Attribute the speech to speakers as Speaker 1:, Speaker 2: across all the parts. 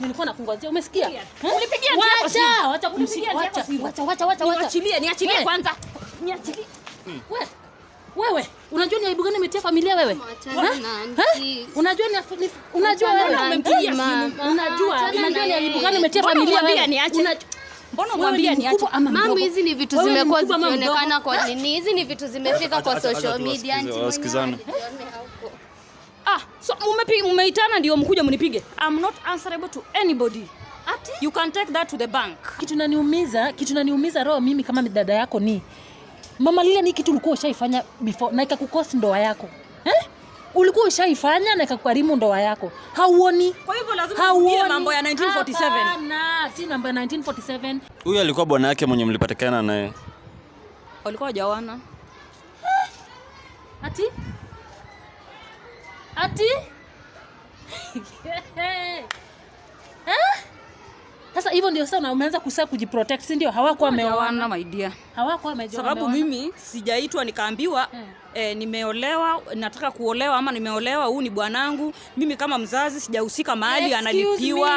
Speaker 1: Nilikuwa nakungojea, umesikia? Unipigie acha, wacha kunipigia acha. Wacha, wacha, wacha, wacha. Niachilie, niachilie kwanza. Niachilie. Hmm. Wewe. Wewe, unajua ni aibu gani umetia familia wewe? Unajua ni unajua
Speaker 2: wewe umempigia simu.
Speaker 1: Unajua, unajua ni aibu gani umetia familia wewe? Niache. Mbona umwambia niache?
Speaker 2: Mami, hizi ni vitu zimekuwa zikionekana kwa nini? Hizi ni vitu zimefika kwa social media.
Speaker 3: Wasikizane.
Speaker 1: So mumeitana ndio mkuja mnipige. I'm not answerable to anybody. Ati? You can take that to the bank. Kitu naniumiza, kitu naniumiza roho mimi kama dada yako ni Mama Lilia, ni kitu ulikuwa ushaifanya before na ikakukosi ndoa yako. Eh? Ulikuwa ushaifanya na ikakuharimu ndoa yako. Hauoni? Kwa hivyo lazima uone mambo ya 1947. Hapana, si mambo ya 1947.
Speaker 3: Huyo alikuwa bwana yake mwenye mlipatikana naye.
Speaker 1: Walikuwa hawajaoana. Ati? Ati sasa hivyo ndio sasa umeanza kusaa kujiprotect, si ndio? Hawako wameoana my dear, hawako wameoana sababu mimi sijaitwa nikaambiwa eh. Eh, nimeolewa nataka kuolewa ama nimeolewa, huu ni bwanangu. Mimi kama mzazi sijahusika mahali analipiwa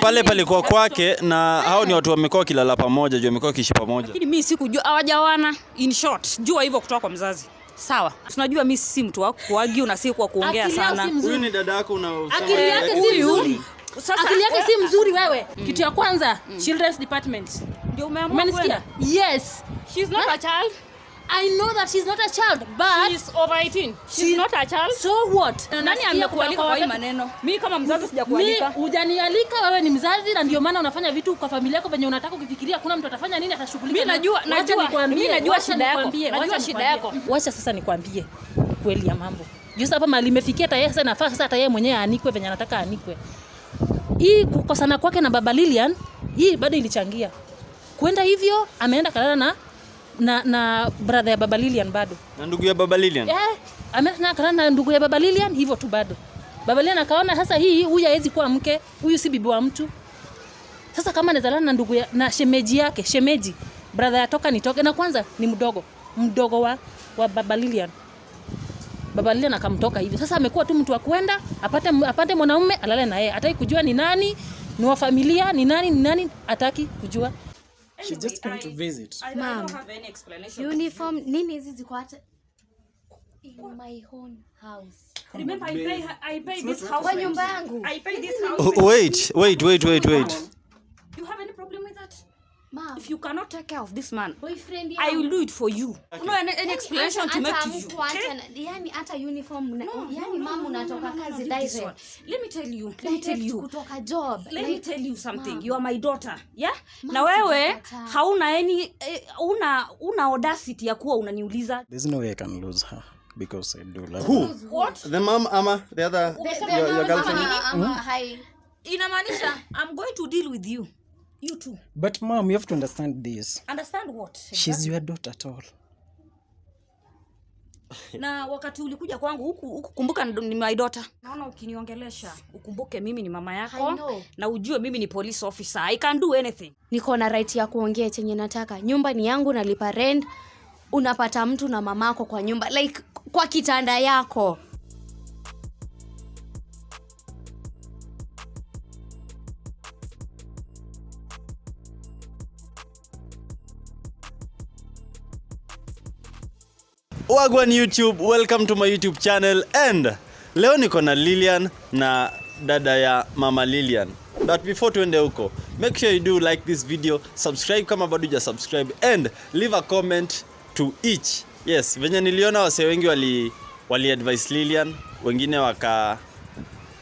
Speaker 3: pale kwa kwake, na hao ni watu wamekuwa wakilala pamoja jua wamekuwa kishi pamoja,
Speaker 1: lakini mimi sikujua hawajawana. In short jua hivyo kutoka kwa mzazi. Sawa, tunajua mimi si mtu wako kuagi na si kwa kuongea sana.
Speaker 3: Huyu ni dada yako unaosema.
Speaker 1: Eh, akili yake si mzuri. Sasa akili yake si mzuri wewe. Mm. Kitu ya kwanza, mm. Children's Department. Ndio umeamua kwenda. Yes. She's not a child. I know that she's not a child, but she's over 18. She's she... not a child. So what? Nani amekualika kwa hii maneno? Mimi kama mzazi sijakualika. Mimi hujanialika wewe ni mzazi na ndio maana unafanya vitu kwa familia yako venye unataka ukifikiria kuna mtu atafanya nini atashughulika. Mimi najua, najua, mimi najua shida yako. Najua shida yako. Wacha sasa nikwambie kweli ya mambo. Juu sasa hapa mali imefikia tayari sasa nafaa sasa hata yeye mwenyewe anikwe venye anataka anikwe. Hii kukosana kwake na baba Lilian, hii bado ilichangia. Kwenda hivyo ameenda kalala na na, na brother ya baba Lilian bado
Speaker 3: na ndugu ya baba Lilian eh,
Speaker 1: yeah, amekutana na ndugu ya baba Lilian hivyo tu bado. Baba Lilian akaona sasa, hii huyu hawezi kuwa mke, huyu si bibi wa mtu. Sasa kama anazalana na ndugu ya, na shemeji yake, shemeji brother yatoka nitoke, na kwanza ni mdogo mdogo wa, wa baba Lilian. Baba Lilian akamtoka hivyo. Sasa amekuwa tu mtu wa kwenda apate, apate mwanaume alale na yeye, hataki kujua ni nani ni wa familia ni nani ni nani, hataki kujua.
Speaker 4: She just came to visit.
Speaker 2: I, don't have
Speaker 4: any explanation.
Speaker 2: uniform nini hizi ziko hata in my own house.
Speaker 1: Remember I pay I pay this house. Kwa
Speaker 2: nyumba yangu.
Speaker 1: I pay this house.
Speaker 3: Wait, wait, wait, wait, wait
Speaker 1: not take care of this man. Boyfriend yeah. I will do it for you. Okay. No, an, an explanation to make to you.
Speaker 2: Okay? Yani hata uniform na, no, yani no, no, no, no, no, kazi no, no, direct. One.
Speaker 1: Let me tell you. Let me tell you.
Speaker 2: Kutoka job.
Speaker 1: Let me tell you something. Mom. You are my daughter. Yeah? Mom, na wewe hauna any eh, una una audacity ya kuwa unaniuliza.
Speaker 4: There's no way I can lose her. Because I do love
Speaker 3: Who? Her. What? The mom ama the other
Speaker 2: the, the your, your girlfriend. Ama, ama, hmm Hi.
Speaker 1: Inamaanisha I'm going to deal with you. You too.
Speaker 4: But mom, you have to understand this.
Speaker 1: Understand what?
Speaker 4: Exactly. She's your daughter at all.
Speaker 1: na wakati ulikuja kwangu huku huku, kumbuka ni my daughter. Naona ukiniongelesha, ukumbuke mimi ni mama yako na ujue mimi ni police officer. I can do anything. Niko na right ya kuongea chenye nataka. Nyumba ni yangu, nalipa rent. Unapata mtu na mamako kwa nyumba like kwa kitanda yako
Speaker 3: Wagwan YouTube, welcome to my YouTube channel and leo niko na Lilian na dada ya mama Lilian. But before tuende huko, make sure you do like this video, subscribe kama bado huja subscribe and leave a comment to each. Yes, venye niliona wasee wengi wali, wali advise Lilian, wengine waka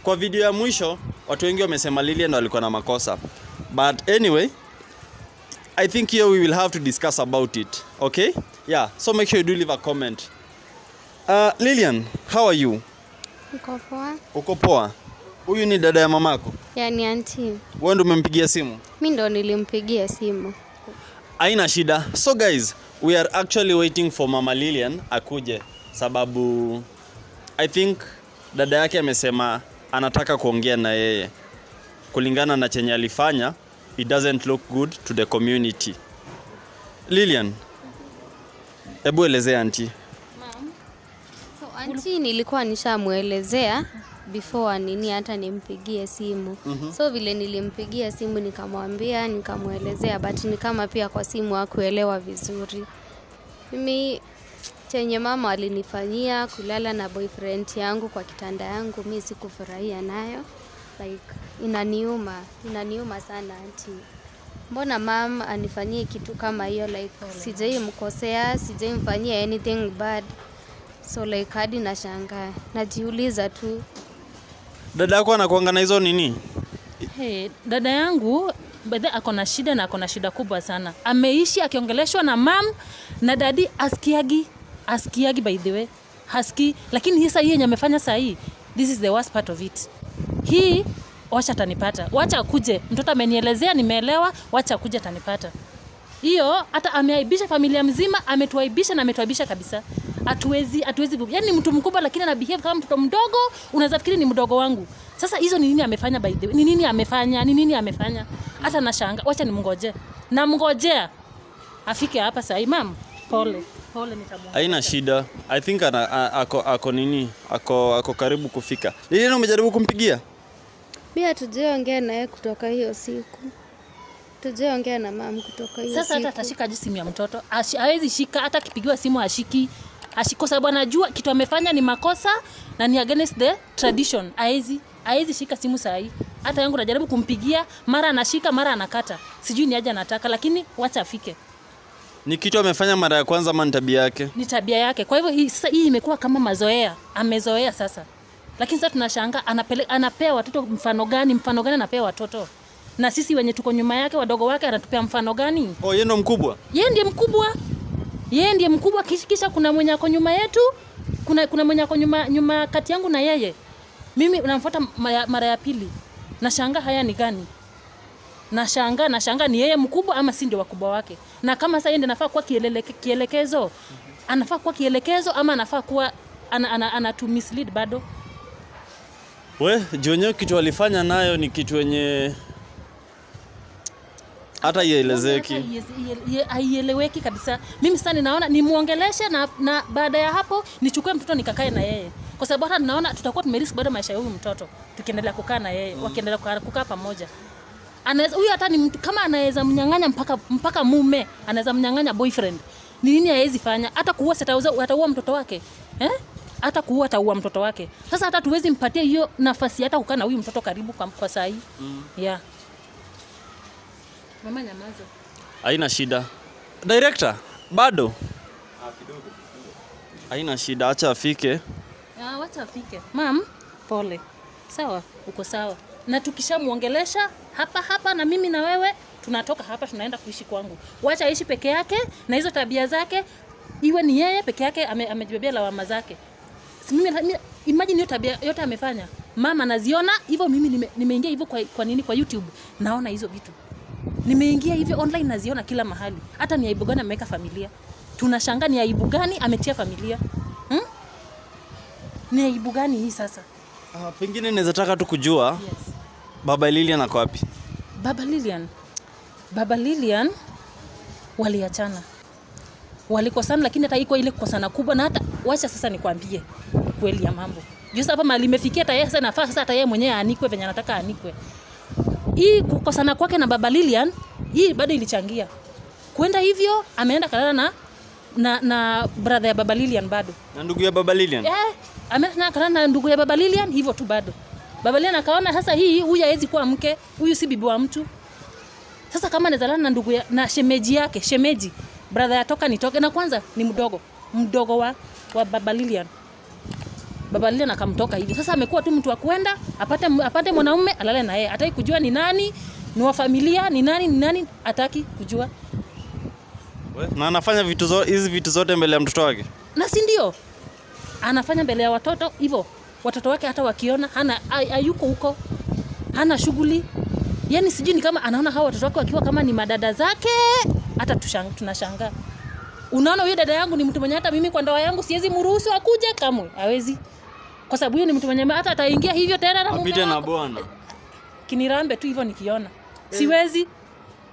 Speaker 3: kwa video ya mwisho watu wengi wamesema Lilian walikuwa na makosa. But anyway, I think here we will have to discuss about it. Okay? Yeah. So make sure you do leave a comment. Uh, Lilian, how are you?
Speaker 2: Uko poa?
Speaker 3: Uko poa. Huyu ni dada ya mamako?
Speaker 2: Yaani auntie.
Speaker 3: Wewe ndo umempigia simu?
Speaker 2: Mimi ndo nilimpigia simu.
Speaker 3: aina shida. So guys, we are actually waiting for Mama Lilian akuje sababu I think dada yake amesema anataka kuongea na yeye kulingana na chenye alifanya it doesn't look good to the community. Lillian, hebu elezea anti.
Speaker 2: So anti nilikuwa nishamwelezea before nini hata nimpigie simu mm -hmm. So vile nilimpigia simu nikamwambia, nikamwelezea but ni kama pia kwa simu hakuelewa vizuri. Mimi chenye mama alinifanyia kulala na boyfriend yangu kwa kitanda yangu, mi sikufurahia nayo like inaniuma, inaniuma sana anti, mbona mam anifanyie kitu kama hiyo like sijai mkosea, sijai mfanyia anything bad, so like hadi nashangaa, najiuliza tu.
Speaker 3: Dada yako anakuangana hizo nini?
Speaker 1: Hey, dada yangu bedhe ako na shida na ako na shida kubwa sana. Ameishi akiongeleshwa na mam na dadi, askiagi askiagi, by the way haski, lakini hii hii yenye amefanya sahii this is the worst part of it. Hii wacha atanipata, wacha akuje, mtoto amenielezea, nimeelewa, wacha akuje atanipata. Hiyo hata ameaibisha familia mzima, ametuaibisha na ametuaibisha kabisa. Atuwezi, atuwezi, Yaani ni mtu mkubwa lakini ana behave kama mtoto mdogo, unaweza fikiri ni mdogo wangu. Sasa hizo ni nini amefanya by the way? Ni nini amefanya? Ni nini amefanya? Hata nashanga. Wacha nimngoje. Namngojea. Afike hapa sasa, Imam.
Speaker 2: Pole. Pole nitamwona.
Speaker 3: Haina shida. I think ana, ako, ako nini? Ako, ako karibu kufika. Lilian umejaribu kumpigia?
Speaker 2: Mi hatujaongea naye kutoka hiyo siku, tujaongea na mama kutoka hiyo sasa. Hata
Speaker 1: atashika aje simu ya mtoto? Hawezi shika, hata akipigiwa simu ashiki ashiko, sababu anajua kitu amefanya ni makosa na ni against the tradition. Hawezi hawezi shika simu saa hii. Hata yangu najaribu kumpigia, mara anashika, mara anakata, sijui ni aje anataka, lakini wacha afike
Speaker 3: ni kitu amefanya mara ya kwanza ama ni tabia yake?
Speaker 1: Ni tabia yake. Kwa hivyo sasa, hii imekuwa kama mazoea, amezoea sasa. Lakini sasa tunashangaa anapeleka anapea watoto mfano gani? Mfano gani anapea watoto? Na sisi wenye tuko nyuma yake wadogo wake anatupea mfano gani?
Speaker 3: Oh, yeye ndio mkubwa.
Speaker 1: Yeye ndiye mkubwa. Yeye ndiye mkubwa kisha kisha kuna mwenye ako nyuma yetu. Kuna kuna mwenye ako nyuma nyuma kati yangu na yeye. Mimi namfuata mara ya pili. Nashangaa haya ni gani? Nashangaa, nashangaa ni yeye mkubwa ama si ndio wakubwa wake? Na kama sasa yeye ndiye anafaa kuwa kielele, kielekezo, anafaa kuwa kielekezo ama anafaa kuwa ana, ana, ana, ana to mislead bado?
Speaker 3: We juu kitu walifanya nayo ni kitu yenye hata ielezeki,
Speaker 1: haieleweki kabisa. Mimi sasa ninaona nimuongeleshe na, na baada ya hapo nichukue mtoto nikakae na yeye, kwa sababu hata ninaona tutakuwa tumerisk bado maisha ya huyu mtoto tukiendelea kukaa na yeye mm. wakiendelea kukaa pamoja huyu hata ni mtu kama anaweza mnyang'anya mpaka, mpaka mume anaweza mnyang'anya boyfriend, ni nini hawezi fanya? Hata kuua ataua mtoto wake eh? hata kuua ataua mtoto wake. Sasa hata tuwezi mpatia hiyo nafasi hata kukaa na huyu mtoto karibu kwa, kwa saa hii mm. yeah.
Speaker 2: Mama nyamaza,
Speaker 3: haina shida director, bado ah, haina shida, acha afike,
Speaker 2: ah, acha afike. Mam, pole. Sawa, uko sawa, na tukishamwongelesha hapa hapa na mimi na wewe tunatoka hapa tunaenda kuishi kwangu. Wacha aishi peke yake na hizo tabia zake, iwe ni yeye peke yake amejibebea lawama zake si mimi, mimi imagine hiyo tabia yote amefanya mama, naziona hivyo mimi nimeingia nime hivyo kwa, kwa nini kwa YouTube naona hizo vitu nimeingia hivyo online, naziona kila mahali. Hata ni aibu gani ameweka familia? Tunashangaa ni aibu gani ametia familia hmm? Ni aibu gani hii sasa?
Speaker 3: Uh, pengine naweza taka tu kujua yes. Baba Lilian ako wapi?
Speaker 1: Baba Lilian, Baba Lilian waliachana walikosana, lakini hata iko ile kukosana kubwa. Na hata wacha sasa nikwambie kweli ya mambo juu hapa mali imefikia, tayari sasa nafaa sasa, hata yeye mwenyewe anikwe venye anataka anikwe. Hii kukosana kwake na baba Lilian hii bado ilichangia kwenda hivyo, ameenda kalala na na, na brother ya baba Lilian bado
Speaker 3: na ndugu ya baba Lilian eh,
Speaker 1: yeah, ameenda kalala na ndugu ya baba Lilian hivyo tu bado. Baba Lilian akaona sasa, hii huyu hawezi kuwa mke, huyu si bibi wa mtu. Sasa kama anaweza na ndugu ya, na shemeji yake shemeji brother atoka nitoke, na kwanza ni mdogo mdogo wa, wa baba Lilian. Baba Lilian akamtoka hivi sasa, amekuwa tu mtu wa kwenda apate, apate mwanaume alale na yeye, hataki kujua ni nani ni wa familia ni nani ni nani, hataki kujua
Speaker 3: na anafanya vitu zote hizi vitu zote mbele ya mtoto wake,
Speaker 1: na si ndio anafanya mbele ya watoto hivyo. Watoto wake hata wakiona hana ayuko huko, hana shughuli yani, sijui ni kama anaona hao watoto wake wakiwa kama ni madada zake hata tunashangaa. Unaona, huyu dada yangu ni mtu mwenye hata mimi kwa ndoa yangu siwezi mruhusu akuje kamwe, hawezi, kwa sababu huyu ni mtu mwenye hata ataingia hivyo tena na mume
Speaker 3: wake na bwana
Speaker 1: kinirambe tu hivyo, nikiona eh. siwezi,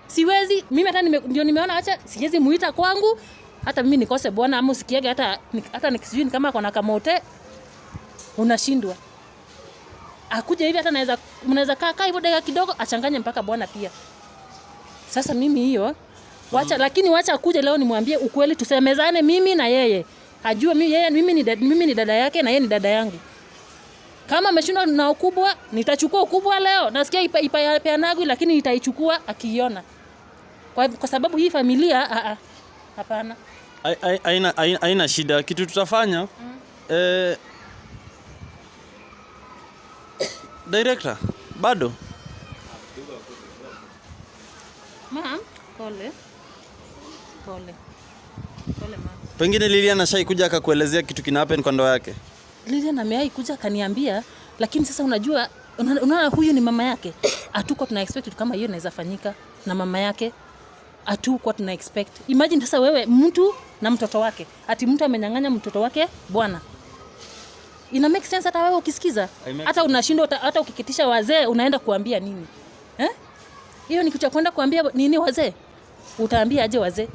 Speaker 1: siwezi mimi hata nime, ndio nimeona acha, siwezi muita kwangu hata mimi nikose bwana ama usikiage hata hata nikisijui kama kuna kamote unashindwa akuje hivi hata naweza mnaweza kaa kaa hivyo dakika kidogo achanganye mpaka bwana pia. Sasa mimi hiyo Wacha, mm. Lakini wacha kuja leo nimwambie ukweli, tusemezane mimi na yeye ajue mimi, yeye, mimi, ni dada, mimi ni dada yake na yeye ni dada yangu. Kama ameshindwa na ukubwa, nitachukua ukubwa leo. Nasikia ipa, ipa peanagu, lakini nitaichukua akiiona kwa, kwa sababu hii familia a a hapana,
Speaker 3: haina haina shida. Kitu tutafanya mm. Eh, director bado
Speaker 2: Ma'am, pole pole. Pole mama.
Speaker 3: Pengine Lilian ashai kuja akakuelezea kitu kina happen kwa ndoa yake.
Speaker 1: Lilian ameai kuja akaniambia, lakini sasa unajua unaona huyu ni mama yake. Atuko tuna expect kama hiyo inaweza fanyika na mama yake. Atuko tuna expect. Imagine sasa wewe mtu na mtoto wake. Ati mtu amenyang'anya mtoto wake bwana. Ina make sense hata wewe ukisikiza. Hata unashindwa hata ukikitisha wazee unaenda kuambia nini? Eh? Hiyo ni kitu cha kwenda kuambia nini wazee? Utaambia aje wazee?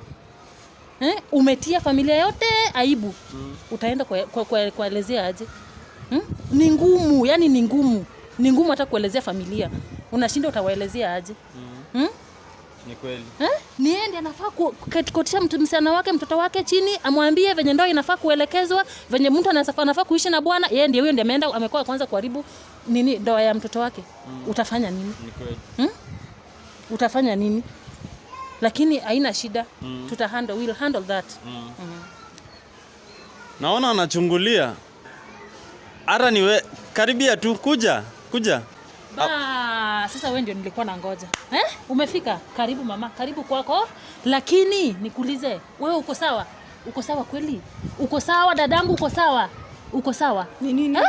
Speaker 1: eh, umetia familia yote aibu mm. utaenda kuelezea kwa, aje hmm? ni ngumu yani ni ngumu ni ngumu hata kuelezea familia unashinda utawaelezea aje mm. hmm? ni kweli eh? niende anafaa kukotisha msichana wake mtoto wake chini amwambie venye ndoa inafaa kuelekezwa venye mtu anafaa kuishi na bwana yeye ndiye huyo ndiye ameenda amekuwa kwanza kuharibu nini ndoa ya mtoto wake mm. utafanya nini ni kweli hmm? utafanya nini lakini haina shida mm. tuta handle, we'll handle that mm. Mm.
Speaker 3: Naona anachungulia hata niwe karibia tu kuja kuja
Speaker 1: ba, sasa wewe ndio nilikuwa nangoja eh? Umefika, karibu mama, karibu kwako, lakini nikuulize wewe, uko sawa? Uko sawa kweli? Uko sawa dadangu? Uko sawa? Uko sawa? Ni nini? Eh?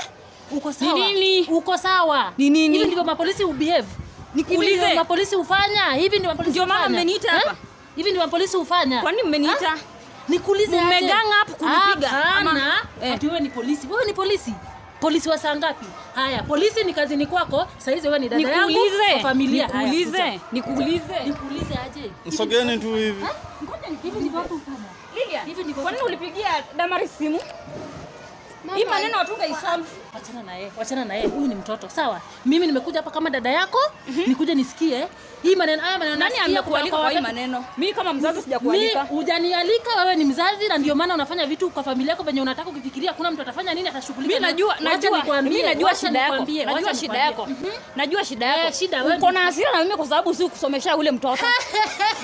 Speaker 1: Uko sawa? Ni nini? Uko sawa? Ni nini? Hivi mapolisi ubehave. Nikuulize, mapolisi ufanya? Eh? hivi? Ndio mapolisi hufanya? Ndio mama mmeniita hapa hivi, ndio mapolisi ufanya? Kwani mmeniita ah? nikuulize, mmegang hapo kunipiga Hapana. Eh. ati wewe ni polisi? Wewe ni polisi? Polisi wa saa ngapi? Haya, polisi ni kazini kwako. Sasa hizi wewe ni dada yangu kwa familia. Nikuulize, nikuulize, nikuulize aje?
Speaker 3: Msogeni tu hivi. Eh?
Speaker 1: Ngoja, hivi ni watu hufanya. Lilia, hivi ndivyo. Kwani ulipigia Damari simu? Hii maneno watunga isolve. Wachana na yeye, wachana na yeye. Huyu ni mtoto, sawa? Mimi nimekuja hapa kama dada yako, mhm. Nikuja nisikie. Hii maneno haya maneno nani amekualika kwa hii maneno? Mimi kama mzazi sijakualika. Mimi hujanialika, wewe ni mzazi na ndio maana unafanya vitu kwa familia yako venye unataka ukifikiria kuna mtu atafanya nini atashughulika. Mimi najua, najua, mimi mhm. najua shida eh, yako. Najua shida yako. Najua shida yako. Uko na hasira na mimi kwa sababu si kusomesha ule mtoto.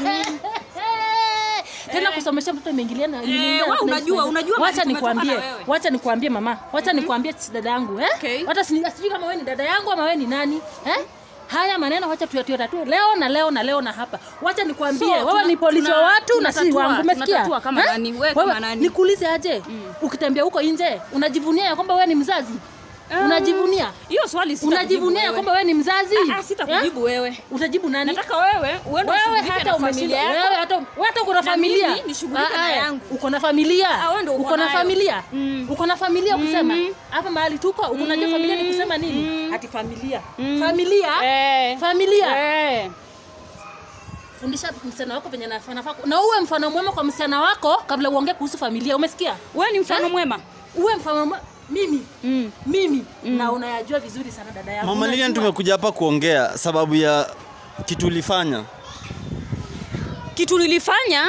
Speaker 1: tena eh. kusomesha mtoto imeingiliana. Eh, wewe unajua unajua, wacha nikwambie, wacha nikwambie mama, wacha mm-hmm. nikwambie dada yangu eh, hata sijui kama wewe ni dada yangu ama wewe ni nani eh haya maneno wacha tuyatatue leo na leo na leo na hapa. Wacha nikwambie so, wewe ni polisi wa watu na si wangu, umesikia? Eh? Wewe nikuulize aje, mm. ukitembea huko nje unajivunia ya kwamba wewe ni mzazi Eh, Unajivunia? Hiyo swali sitakujibu. Unajivunia kwamba wewe ni mzazi? Ah, ah sitakujibu eh? wewe. Utajibu nani? Nataka wewe uende ushughulike hata familia yako. Wewe hata um- wewe hata uko na familia. Mimi nishughulike ah, na yangu. Uko na familia? Ah, wewe ndio Uko na familia? Mm. Uko na familia kusema. Mm-hmm. Hapa mahali tuko, uko na mm-hmm. familia ni kusema nini? Mm-hmm. Ati familia. Familia? Eh. Familia. Fundisha msichana wako venye anafaa na uwe mfano mwema kwa msichana wako kabla uongee kuhusu familia. Umesikia? Wewe ni mfano mwema. Uwe mfano mwema mimi mm. mimi mm. na unayajua vizuri sana dada yangu.
Speaker 3: Mama Lilian, tumekuja hapa kuongea sababu ya kitu ulifanya.
Speaker 1: Kitu nilifanya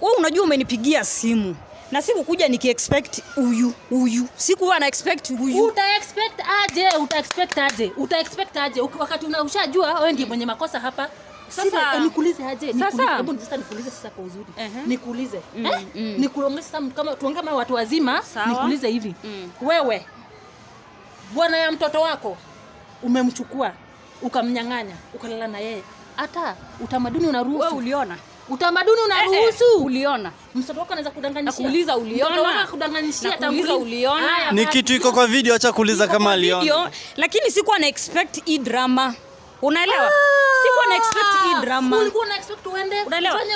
Speaker 1: wewe, unajua umenipigia simu na sikukuja expect huyu huyu, sikuwa na expect huyu. Uta expect aje? Uta expect aje? Uta expect aje wakati unashajua wewe ndiye mwenye makosa hapa. Sasa eh, nikuulize aje? Sasa hebu sasa nikuulize sasa kwa uzuri. Nikuulize. Mm, eh? mm. Nikuongee sasa kama tuongee kama watu wazima, nikuulize hivi. Mm. Wewe bwana ya mtoto wako umemchukua, ukamnyang'anya, ukalala na yeye. Hata utamaduni unaruhusu. Wewe uliona? Utamaduni unaruhusu. Eh, uliona. Mtoto wako anaweza kudanganyishia. Nakuuliza uliona. Mtoto wako kudanganyishia tanguliza uliona.
Speaker 3: Ni kitu iko kwa video, acha kuuliza kama aliona.
Speaker 1: Lakini sikuwa na expect hii drama. Unaelewa? Ah! Sikuwa na expect drama. Ulikuwa na expect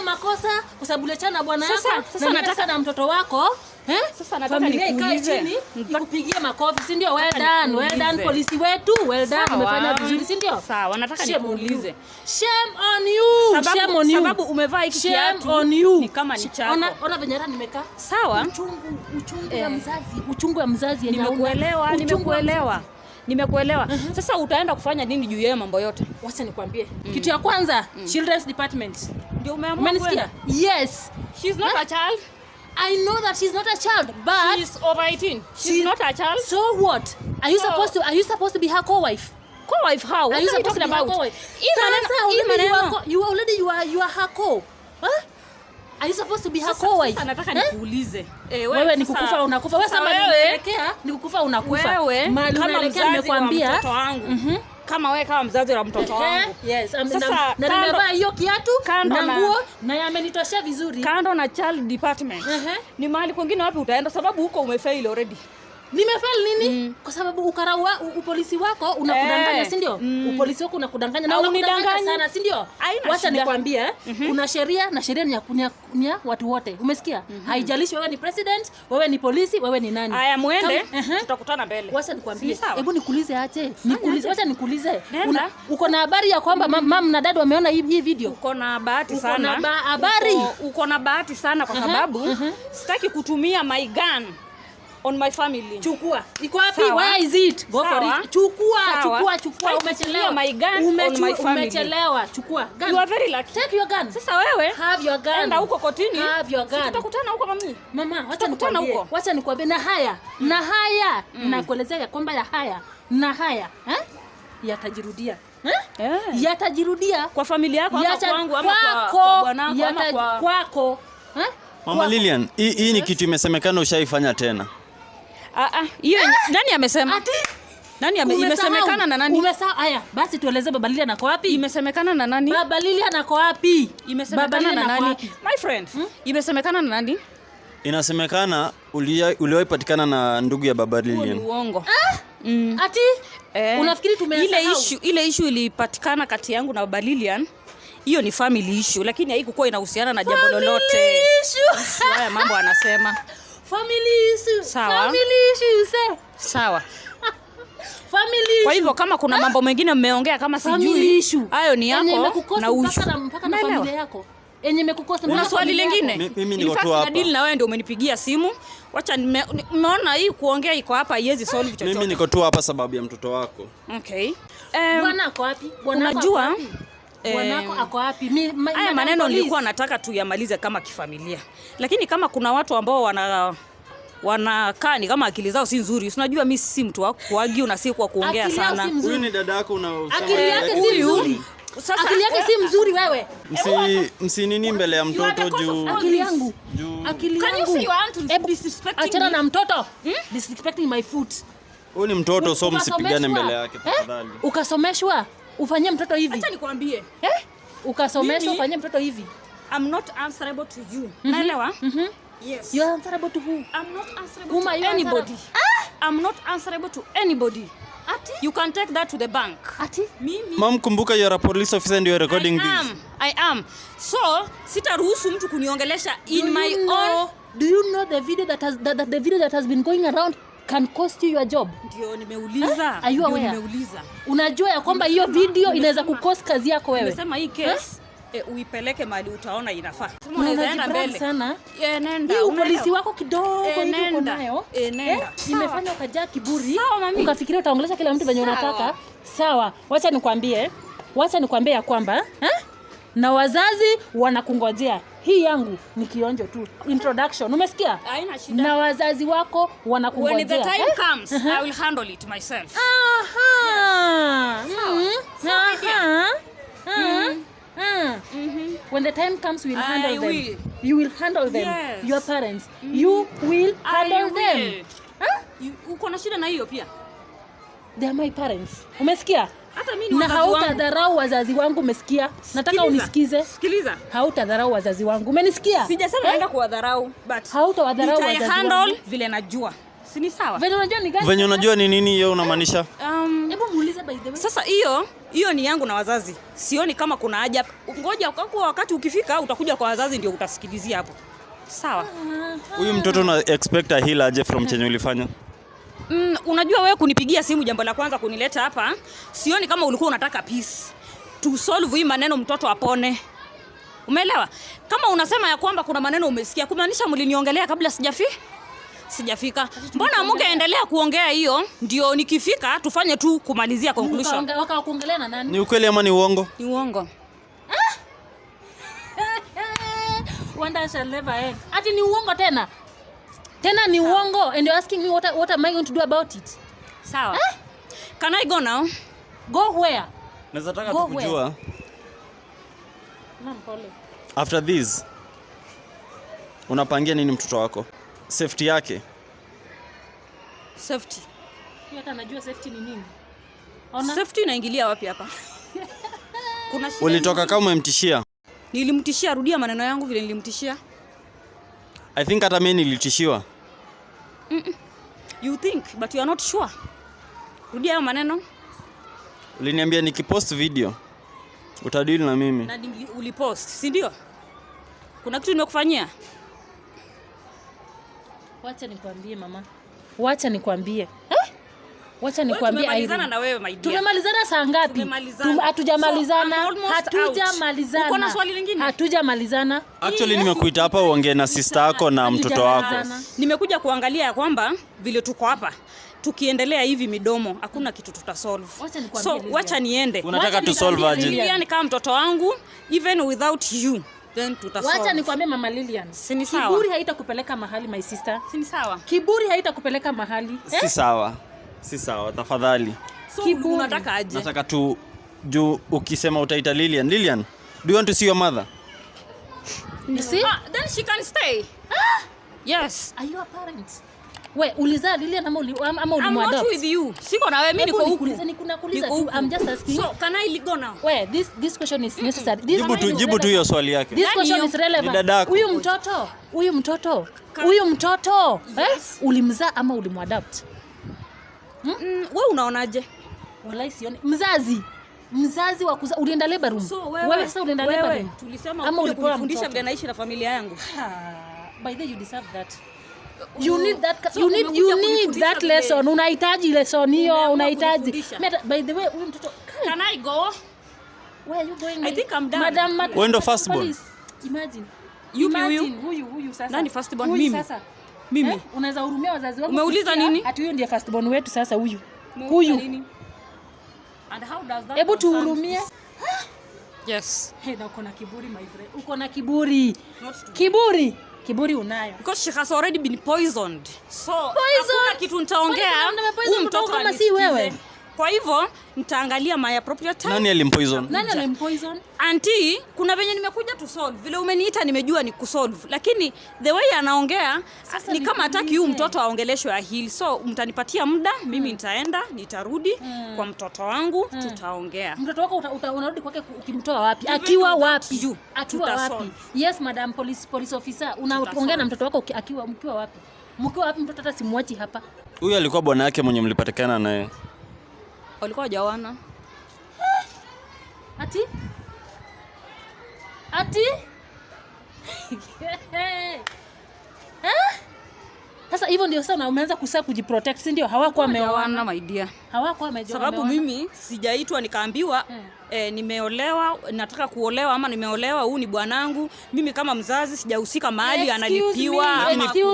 Speaker 1: makosa kwa sababu bwana yako. Sasa nataka na mtoto wako. Eh? Sasa nataka nikuulize. Nikupigie makofi, si ndio? Well done, well done polisi wetu. Well done, umefanya vizuri, si ndio? Sawa, nikuulize. Shame on you. Shame on you. Sababu umevaa hiki kiatu ni kama ni chako. Ona ona venye hata nimekaa. Sawa. Uchungu, uchungu ya eh. mzazi, uchungu ya mzazi yenyewe. Nimekuelewa, nimekuelewa nimekuelewa. uh mhm. -huh. Sasa utaenda kufanya nini juu ya mambo yote? Wacha nikwambie mm. kitu ya kwanza mm. children's department ndio umeamua kwenda. Yes, she's not huh? a child I know that she's not a child, but she's over 18. She's, she... not a child. So what? Are you so, supposed to are you supposed to be her co-wife? Co-wife how? What are you, are you supposed talking to be about? Her co-wife? Sasa, already you are, already you are, you are her co. Huh? Are you supposed to be her co-wife? Eh? Eh, wewe ni kukufa unakufa. Wewe ni kukufa unakufa. kama nimekuambia. Mtoto mhm. Kama wewe kama mzazi wa mtoto eh, wangu. Yes, na hiyo kiatu na nguo na yamenitoshea vizuri. Kando na child department. Ni mahali kwingine wapi utaenda sababu huko umefail already nimefail nini? Mm. Kwa sababu ukarau wa, upolisi wako unakudanganya hey. Eh. si ndio? Mm. Upolisi wako unakudanganya na unakudanganya sana, si ndio? Wacha nikwambie, mm -hmm. kuna sheria na sheria ni ya watu wote, umesikia? mm -hmm. Haijalishi wewe ni president, wewe ni polisi, wewe ni nani. Aya, muende uh -huh. Tutakutana mbele. Wacha nikwambie, hebu nikuulize aje, nikuulize, wacha nikuulize, uko na habari ya kwamba mm -hmm. na dada wameona hii video? Uko na bahati sana, uko na bahati sana kwa sababu sitaki kutumia my gun on my family. Chukua. Iko wapi? Where is it? Go for it. Chukua, chukua, chukua. Umechelewa. My gun Ume on my family. Umechelewa. Chukua. Gun. You are very lucky. Take your gun. Sasa wewe. Have your gun. Enda huko kotini. Have your gun. Tutakutana huko mami. Mama, wacha nikutana huko. Wacha nikwambie na haya. Na mm. haya. Mm. kuelezea kwamba ya haya. Na haya. Eh? Yatajirudia. Eh? Yeah. Yatajirudia kwa familia yako Yata, ama kwangu ama kwako, kwa bwanako ama kwa kwako. Eh?
Speaker 3: Mama Lilian, hii ni kitu imesemekana ushaifanya tena.
Speaker 1: Ah ah, hiyo ah! nani amesema? Ati Nani ame, imesemekana na nani? Umesahau haya. Basi tueleze Baba Lilia anako wapi? Imesemekana na nani? Baba Lilia anako wapi? Imesemekana na nani? My friend, hmm? Imesemekana na nani?
Speaker 3: Inasemekana uliwahi patikana na ndugu ya Baba Lilia. Ni
Speaker 1: uongo. Ah! Mm. Ati eh, unafikiri tumesahau? Ile issue ile issue ilipatikana kati yangu na Baba Lilian. Hiyo ni family issue lakini haikuwa inahusiana na jambo lolote. issue. Haya mambo anasema. Family issue. Sawa. Family issue, say. Sawa. Family issue. kwa hivyo kama kuna ah! mambo mengine mmeongea kama sijui hayo ni yako na mpaka na familia yako. mekukosa ushu. Una swali lingine? Mimi ni watu hapa. Nadili na wewe ndio umenipigia simu. Wacha nimeona hii kuongea iko hapa haiwezi solve chochote. Mimi niko tu hapa sababu ya mtoto wako. Okay. Um, Bwana ako wapi? Bwana ako wapi? Eh, ako wapi? haya maneno nilikuwa nataka tuyamalize kama kifamilia, lakini kama kuna watu ambao wana wanakaa ni kama akili zao si nzuri. Unajua mimi si mtu wa kuagiu na si kwa kuongea sana. Huyu ni dada yako unaosema akili eh, yake si nzuri. Sasa akili yake si mzuri wewe.
Speaker 3: Msi msi nini mbele ya mtoto juu.
Speaker 1: Akili yangu. Akili yangu. Achana na mtoto. Hmm? Disrespecting my foot.
Speaker 3: Huyu ni mtoto so msipigane mbele yake eh?
Speaker 1: tafadhali. Ukasomeshwa? ufanyie mtoto hivi. Acha nikwambie. Eh? Ukasomesha ufanyie mtoto hivi. I'm not answerable to you. Mhm. Naelewa? Mm -hmm. Yes. You are answerable to who? I'm not answerable Uma, to anybody. Ah? I'm not answerable to anybody. Ati? You can take that to the bank. Ati? Mimi.
Speaker 3: Mom, kumbuka you are a police officer and you are recording I am. this.
Speaker 1: I am. So, sitaruhusu mtu kuniongelesha in my know, own. Do you know the video that has that, that the video that has been going around? can cost you your job. Ndio nimeuliza. Are you aware? Nimeuliza. Unajua ya kwamba hiyo video inaweza kukost kazi yako wewe. Nimesema hii case E, uipeleke mali utaona inafaa. unaweza enda mbele sana. E, nenda. Hii polisi wako kidogo e, eh, hivi nayo. E, nenda. E, imefanya ukajaa kiburi. Sawa mami. Ukafikiria utaongelesha kila mtu venye unataka. Sawa. Wacha nikwambie. Wacha nikwambie ya kwamba, eh? na wazazi wanakungojea. Hii yangu ni kionjo tu introduction, umesikia? Haina shida. Na wazazi wako wanakungojea. When the time eh? comes, uh-huh. I will handle it myself. Aha. Mm-hmm. Mm-hmm. Mm-hmm. When the time comes, we handle I them. Will. You will handle them. Yes. Your parents. Mm. You will handle I them. Huh? Uko na shida na hiyo pia. They are my parents. Umesikia? na hautadharau wazazi wangu, umesikia? Nataka unisikize. Sikiliza, hautadharau wazazi wangu, umenisikia? Sijasema eh? naenda kuwadharau, but hautawadharau wazazi wangu vile najua si ni sawa? Venye unajua ni gani? Venye unajua ni nini hiyo unamaanisha? Um, hebu muulize by the way. Sasa hiyo hiyo ni yangu na wazazi, sioni kama kuna haja. Ngoja kwa wakati ukifika, utakuja kwa wazazi ndio utasikilizia hapo, sawa?
Speaker 3: Huyu mtoto na expect a aje from eh. chenye ulifanya?
Speaker 1: mm, unajua wewe kunipigia simu jambo la kwanza kunileta hapa, sioni kama ulikuwa unataka peace. to solve hii maneno mtoto apone. Umeelewa? Kama unasema ya kwamba kuna maneno umesikia, kumaanisha mliniongelea kabla sijafi sijafika. Mbona mngeendelea kuongea hiyo? Ndio nikifika tufanye tu kumalizia conclusion. Wakaongelea na nani?
Speaker 3: Ni ukweli ama ni uongo?
Speaker 1: Ni uongo. Ah! Wanda shall never end. Ati ni uongo tena? Tena ni uongo and you're asking me what, I, what am I going to do about it? Sawa. Eh? Can I go now? Go where?
Speaker 3: Naweza taka kujua. Mama pole. After this unapangia nini mtoto wako? Safety yake.
Speaker 1: Safety. Hata anajua safety ni nini. Ona. Safety inaingilia wapi hapa?
Speaker 3: Kuna shida. Ulitoka kama umemtishia?
Speaker 1: Nilimtishia, rudia maneno yangu vile nilimtishia.
Speaker 3: I think hata mimi nilitishiwa.
Speaker 1: Mm -mm. You think but you are not sure. Rudia hayo maneno.
Speaker 3: Uliniambia nikipost video utadili na mimi.
Speaker 1: Na ulipost, si ndio? Kuna kitu nimekufanyia? Wacha nikwambie mama. Wacha nikwambie. Wacha nikwambie tumemalizana na Tumemalizana saa ngapi? Hatujamalizana. Hatujamalizana. Uko na swali lingine? Hatujamalizana.
Speaker 3: Actually nimekuita hapa uongee na sister yako na mtoto wako.
Speaker 1: Nimekuja kuangalia kwamba vile tuko hapa tukiendelea hivi midomo hakuna kitu tutasolve. So wacha niende.
Speaker 3: Unataka tusolve aje?
Speaker 1: Lilian kama mtoto wangu even without you. Then tutasolve. Wacha nikwambie Mama Lilian. Kiburi haitakupeleka mahali my sister. Si sawa. Kiburi haitakupeleka mahali.
Speaker 3: Eh? Si sawa si sawa tafadhali.
Speaker 1: So, unataka aje?
Speaker 3: Nataka tu juu ukisema utaita Lilian. Lilian, do you want to see your mother?
Speaker 1: You see? Ah, then she can stay. Ah, yes. Are you a parent? We, uliza Lilian ama uli, ama uli I'm not with you. Siko na wewe, mimi niko huku. kuliza Nikuuliza, I'm just asking. So, can I go now? We, this this question is necessary.
Speaker 3: This jibu tu jibu tu hiyo swali yake.
Speaker 1: This question is relevant. Huyu mtoto, huyu mtoto, huyu mtoto, eh? Ulimzaa ama ulimwadapt? hmm? Mm, wewe unaonaje? Wallahi sioni mzazi mzazi wa kuzaa ulienda labor room. So, wewe, wewe sasa ulienda labor room. Tulisema ama ulikufundisha vile naishi na familia yangu. By the way you deserve that. Uh, you need that so, you need you need that lesson. Unahitaji lesson hiyo, unahitaji. By the way huyu mtoto can I go? Where are you going? I think I'm done. Madam, madam.
Speaker 3: Wendo ndo first born.
Speaker 1: Imagine. You huyu huyu sasa. Nani first born? Mimi. Sasa. Mimi. Eh? Unaweza hurumia wazazi wangu. Umeuliza nini? Ati huyo ndiye first born wetu sasa huyu. Huyu. And how does that? Hebu tuhurumie. Yes. Hey, na uko na kiburi my friend. Uko na kiburi. Kiburi. Kiburi unayo. Because she has already been poisoned. So, hakuna kitu nitaongea. Huyu mtoto kama si wewe. Kwa hivyo nitaangalia my appropriate time.
Speaker 3: Nani alimpoison?
Speaker 1: Nani alimpoison? Auntie, kuna venye nimekuja tu solve. Vile umeniita nimejua ni kusolve. Lakini the way anaongea ni kama hataki huyu mtoto aongeleshwe ahil. So mtanipatia muda, mimi hmm. nitaenda, nitarudi hmm. kwa mtoto wangu hmm. tutaongea. Mtoto wako unarudi kwake ukimtoa wapi? Akiwa wapi? Akiwa wapi? Yes, madam police police officer, unaongea na mtoto wako akiwa mkiwa wapi? Mkiwa wapi mtoto hata simwachi hapa.
Speaker 3: Huyu alikuwa bwana yake mwenye mlipatikana naye
Speaker 1: walikuwa hawajaoana. Ah! Ati ati Sasa hivyo ndio sasa umeanza kusaa kujiprotect, si ndio? Hawakuwa wameoana my dear, hawakuwa wameoana sababu mimi sijaitwa nikaambiwa hmm. E, nimeolewa nataka kuolewa ama nimeolewa, huu ni bwanangu. Mimi kama mzazi sijahusika mahali analipiwa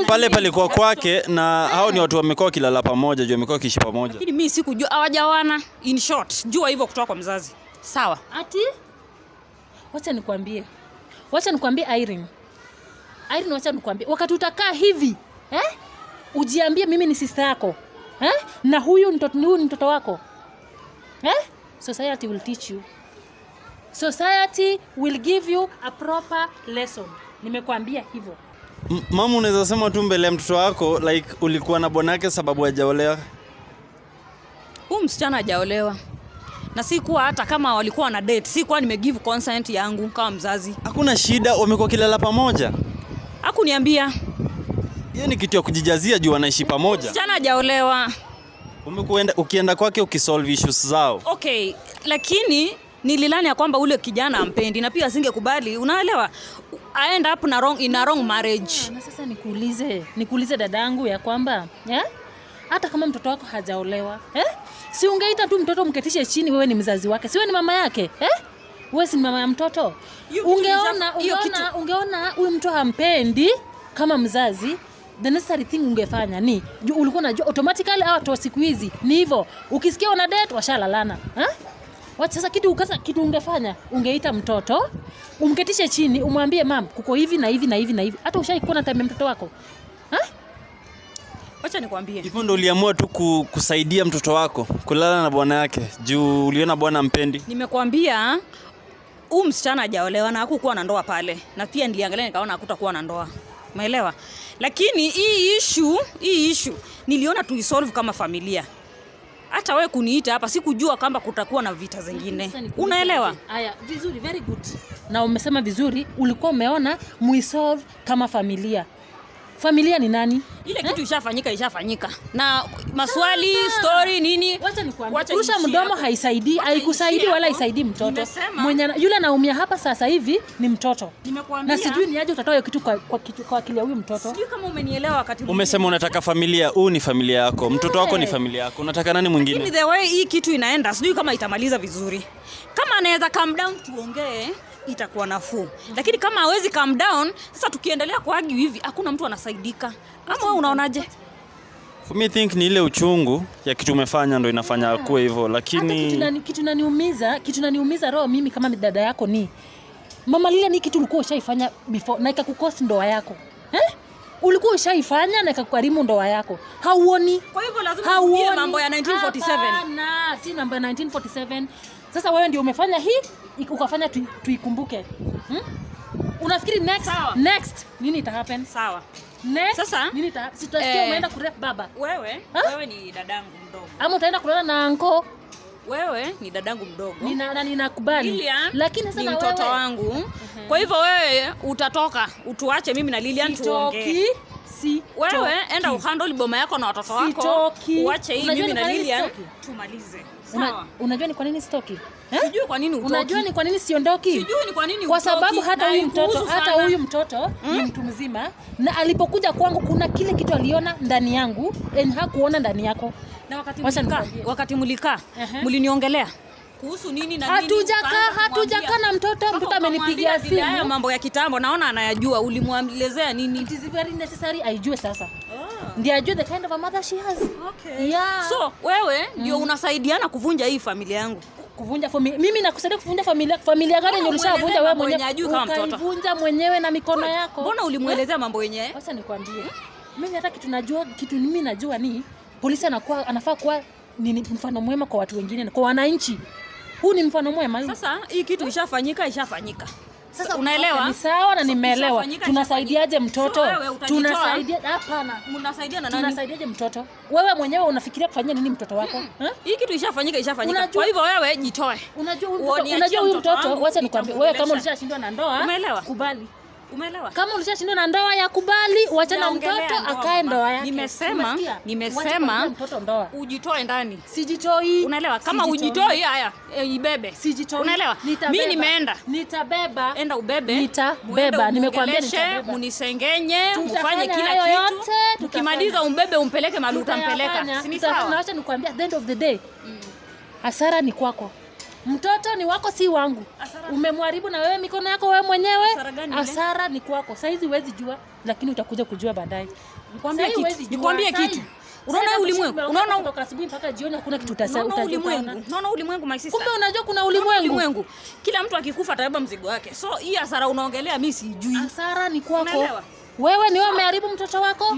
Speaker 3: pale pale kwa kwake na hao ni ah. watu wamekuwa wakilala pamoja jua wamekuwa wakiishi pamoja, lakini
Speaker 1: mimi sikujua hawajawana. In short jua hivyo kutoka kwa mzazi sawa. Ati wacha nikwambie, wacha nikwambie Irene, Irene, wacha nikwambie, wakati utakaa hivi eh? ujiambie mimi ni sister yako eh? na huyu ni mtoto wako eh? society will teach you society will give you a proper lesson nimekuambia hivyo
Speaker 3: mama unaweza sema tu mbele ya mtoto wako like ulikuwa na bwana yake sababu hajaolewa
Speaker 1: huyu msichana hajaolewa na sikuwa hata kama walikuwa na date sikuwa nimegive consent yangu kama mzazi
Speaker 3: hakuna shida wamekuwa kilala pamoja
Speaker 1: hakuniambia
Speaker 3: hiyo ni kitu ya kujijazia juu wanaishi pamoja.
Speaker 1: Msichana hajaolewa.
Speaker 3: Umekuenda ukienda kwake ukisolve issues zao.
Speaker 1: Okay, lakini nililani ya kwamba ule kijana ampendi na pia asingekubali, unaelewa? Aenda up na wrong, in a wrong marriage. Na sasa nikuulize, nikuulize dadangu ya kwamba, eh? Hata kama mtoto wako hajaolewa, eh? Si ungeita tu mtoto mketishe chini, wewe ni mzazi wake. Si wewe ni mama yake, eh? Wewe si mama ya mtoto. Ungeona, ungeona, ungeona huyu mtu hampendi kama mzazi the necessary thing ungefanya ni ulikuwa unajua automatically hawa watu siku hizi ni hivyo, ukisikia una date washalalana ha? Wacha sasa, kitu ukasa, kitu ungefanya ungeita mtoto umketishe chini umwambie mam, kuko hivi na hivi na hivi na hivi. Hata ushaikuona tabia mtoto wako ha? Wacha nikwambie,
Speaker 3: hivyo ndio uliamua tu kusaidia mtoto wako kulala na bwana yake juu uliona bwana mpendi.
Speaker 1: Nimekwambia huu msichana hajaolewa na hakukuwa na ndoa pale, na pia niliangalia nikaona hakutakuwa na ndoa. Umeelewa? Lakini hii issue, hii issue niliona tuisolve kama familia. Hata wewe kuniita hapa sikujua kwamba kutakuwa na vita zingine. Unaelewa? Haya, vizuri, very good. Na umesema vizuri, ulikuwa umeona muisolve kama familia. Familia ni nani? Ile eh? kitu ishafanyika ishafanyika, na maswali story nini? Wacha nikuambie, rusha mdomo haisaidii, haikusaidii wala haisaidii mtoto mwenye yule anaumia hapa sasa hivi ni mtoto, na sijui ni aje utatoa hiyo kitu kwa, kwa, kwa akili ya huyu mtoto. Sijui kama umenielewa. Wakati
Speaker 3: umesema unataka familia, huu ni familia yako yeah. Mtoto wako ni familia yako, unataka nani mwingine?
Speaker 1: The way hii kitu inaenda, sijui kama itamaliza vizuri. Kama anaweza calm down tuongee itakuwa nafuu, lakini kama hawezi calm down, sasa tukiendelea kwa kuagi hivi hakuna mtu anasaidika. Ama wewe unaonaje?
Speaker 3: For me think ni ile uchungu ya kitu umefanya ndo inafanya yeah, kuwa hivyo, lakini
Speaker 1: kitu naniumiza, kitu naniumiza roho mimi kama dada yako ni mama lile, ni kitu ulikuwa ushaifanya before na ikakukosi ndoa yako eh? ulikuwa ushaifanya na ikakuharimu ndoa yako, hauoni? Kwa hivyo lazima mambo ya 1947 hapana, si mambo ya 1947 sasa wewe ndio umefanya hii ukafanya tuikumbuke hmm? Unafikiri next Sawa. next nini ita happen? Sawa. Next, sasa nini ita sitasikia eh, umeenda kurep baba wewe, ha? wewe ni dadangu mdogo ama utaenda kulala na anko wewe ni dadangu mdogo nina, na ninakubali Lilian, lakini sasa ni mtoto wewe, wangu uh-huh. Kwa hivyo wewe utatoka utuache mimi na Lilian tuongee. Si wewe enda uhandle boma yako na watoto wako, uache hii mimi na Lilian tumalize. Una, unajua ni kwa nini sitoki? Eh? Sijui kwa nini utoki. Unajua ni kwa nini siondoki? Sijui ni kwa nini utoki. Kwa sababu hata huyu mtoto, hata huyu mtoto ni hmm? mtu mzima na alipokuja kwangu kuna kile kitu aliona ndani yangu en hakuona ndani yako. Na wakati mulika, wakati mulika, uh -huh, mliniongelea kuhusu nini na nini. Hatujakaa, hatujakaa na mtoto. Mtoto amenipigia simu. Haya mambo ya kitambo naona anayajua. Ulimwelezea nini? It is very necessary aijue sasa. Oh. ajue the kind of a mother she has. Okay. Yeah. So wewe ndio mm, unasaidiana kuvunja hii familia yangu. Kuvunja familia. Mimi nakusaidia kuvunja familia. Familia gani ndio ulishavunja wewe mwenyewe? Ukaivunja mwenyewe na mikono yako. Mbona ulimwelezea eh? mambo yenyewe? Acha nikwambie. Hmm? Mimi hata kitu najua, kitu mimi najua ni polisi anakuwa anafaa kuwa ni mfano mwema kwa watu wengine, kwa wananchi. Huu ni mfano mwema. Sasa hii kitu ishafanyika, ishafanyika. Sasa unaelewa? Ni sawa na nimeelewa. Tunasaidiaje mtoto? Tunasaidia hapana. Mnasaidia na nani? Tunasaidiaje mtoto? Wewe mwenyewe unafikiria kufanyia nini mtoto wako? Hmm. Hii kitu ishafanyika, ishafanyika. Kwa hivyo wewe jitoe. Unajua unajua huyu mtoto, wacha nikwambie, wewe kama ulishashindwa na ndoa, umeelewa? Kubali. Umeelewa? Kama ulishashindwa na ndoa ya kubali, wachana mtoto akae ndoa yake. Nimesema, nimesema ujitoe ndani. Sijitoi. Unaelewa? Kama ujitoi haya, e, ibebe. Sijitoi. Unaelewa? Mimi nimeenda. Nitabeba. Enda ubebe. Nitabeba. Nimekuambia nitabeba. Munisengenye, mfanye kila kitu. Tukimaliza umbebe umpeleke mahali utampeleka. Si ni sawa? Acha nikwambia at the end of the day. Mm. Hasara ni kwako. Mtoto ni wako, si wangu. Umemharibu na wewe mikono yako wewe mwenyewe. Hasara ni kwako. Saizi huwezi jua, lakini utakuja kujua baadaye. Nikwambie kitu, nikwambie kitu. Unaona ulimwengu, unaona kutoka asubuhi mpaka jioni hakuna kitu utasahau. Unaona ulimwengu, unaona ulimwengu my sister. Kumbe unajua kuna ulimwengu. Kila mtu akikufa atabeba mzigo wake. So hii asara unaongelea, mimi sijui. Asara ni kwako. Wewe ni wewe umeharibu mtoto wako.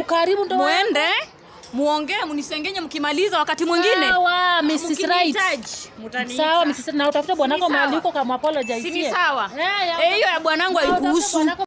Speaker 1: Ukaharibu ndio. Muende muongee mnisengenye mkimaliza wakati mwingine sawa Mrs. Right sawa Mrs. na utafuta bwanako mali huko kama apologize sawa eh, eh, hiyo ya bwanangu haikuhusu